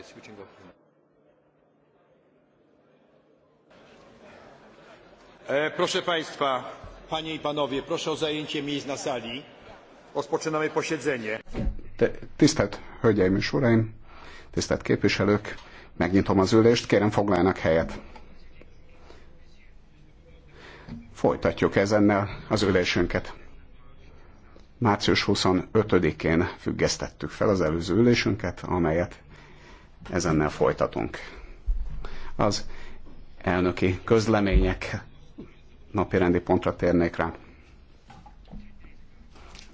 switching off. E, proszę Państwa, Panie i Panowie, proszę o zajęcie miejsc na sali. Rozpoczynamy posiedzenie. Tisztelt Hölgyeim és Uraim, tisztelt képviselők, megnyitom az ülést, kérem foglaljanak helyet. Folytatjuk ezennel az ülésünket március 25-én függesztettük fel az előző ülésünket, amelyet ezennel folytatunk. Az elnöki közlemények napirendi pontra térnék rá.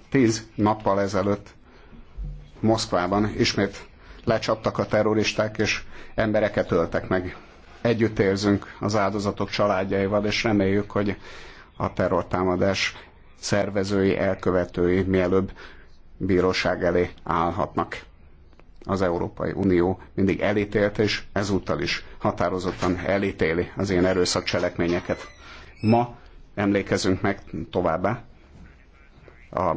Tíz nappal ezelőtt Moszkvában ismét lecsaptak a terroristák, és embereket öltek meg. Együtt érzünk az áldozatok családjaival, és reméljük, hogy a terrortámadás szervezői, elkövetői mielőbb bíróság elé állhatnak az Európai Unió mindig elítélt, és ezúttal is határozottan elítéli az ilyen erőszak cselekményeket. Ma emlékezünk meg továbbá a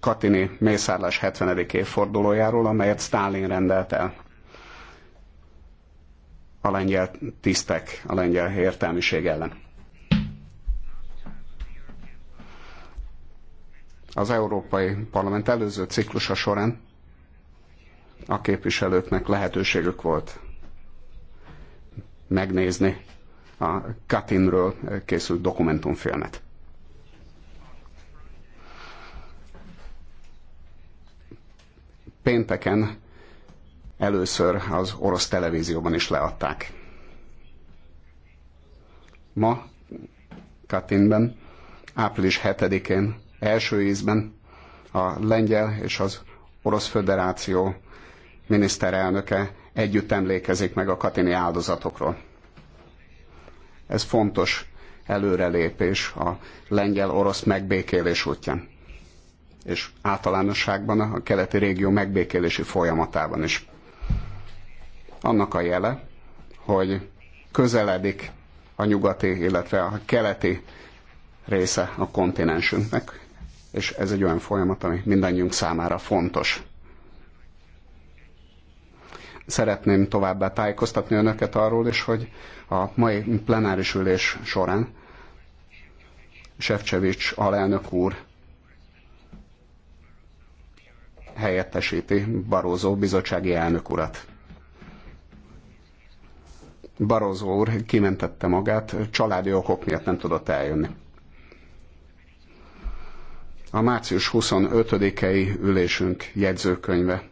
Katini mészárlás 70. évfordulójáról, amelyet Stálin rendelt el. A lengyel tisztek, a lengyel értelmiség ellen. az Európai Parlament előző ciklusa során a képviselőknek lehetőségük volt megnézni a Katinről készült dokumentumfilmet. Pénteken először az orosz televízióban is leadták. Ma Katinben április 7-én első ízben a lengyel és az orosz föderáció miniszterelnöke együtt emlékezik meg a katini áldozatokról. Ez fontos előrelépés a lengyel-orosz megbékélés útján, és általánosságban a keleti régió megbékélési folyamatában is. Annak a jele, hogy közeledik a nyugati, illetve a keleti része a kontinensünknek, és ez egy olyan folyamat, ami mindannyiunk számára fontos. Szeretném továbbá tájékoztatni önöket arról is, hogy a mai plenáris ülés során Sefcsevics alelnök úr helyettesíti Barózó bizottsági elnök urat. Barózó úr kimentette magát, családi okok miatt nem tudott eljönni a március 25-i ülésünk jegyzőkönyve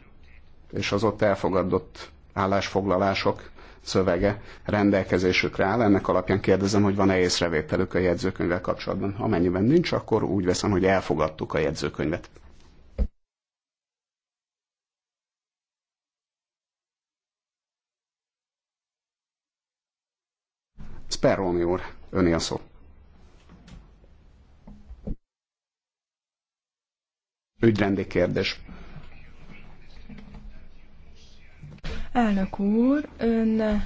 és az ott elfogadott állásfoglalások szövege rendelkezésükre áll. Ennek alapján kérdezem, hogy van-e észrevételük a jegyzőkönyvvel kapcsolatban. Amennyiben nincs, akkor úgy veszem, hogy elfogadtuk a jegyzőkönyvet. Speroni úr, öné a szó. ügyrendi kérdés. Elnök úr, ön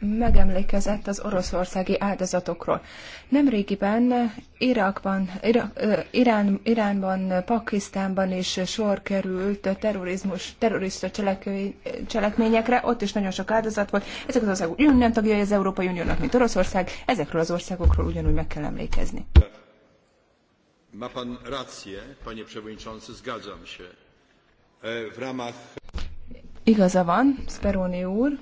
megemlékezett az oroszországi áldozatokról. Nemrégiben Irakban, Irak, Irán, Iránban, Pakisztánban is sor került terrorizmus, terrorista cselekményekre, ott is nagyon sok áldozat volt. Ezek az országok nem tagjai az Európai Uniónak, mint Oroszország, ezekről az országokról ugyanúgy meg kell emlékezni. Ma pan rację, panie przewodniczący, zgadzam się. E, w ramach... Igaza van, Speroni úr.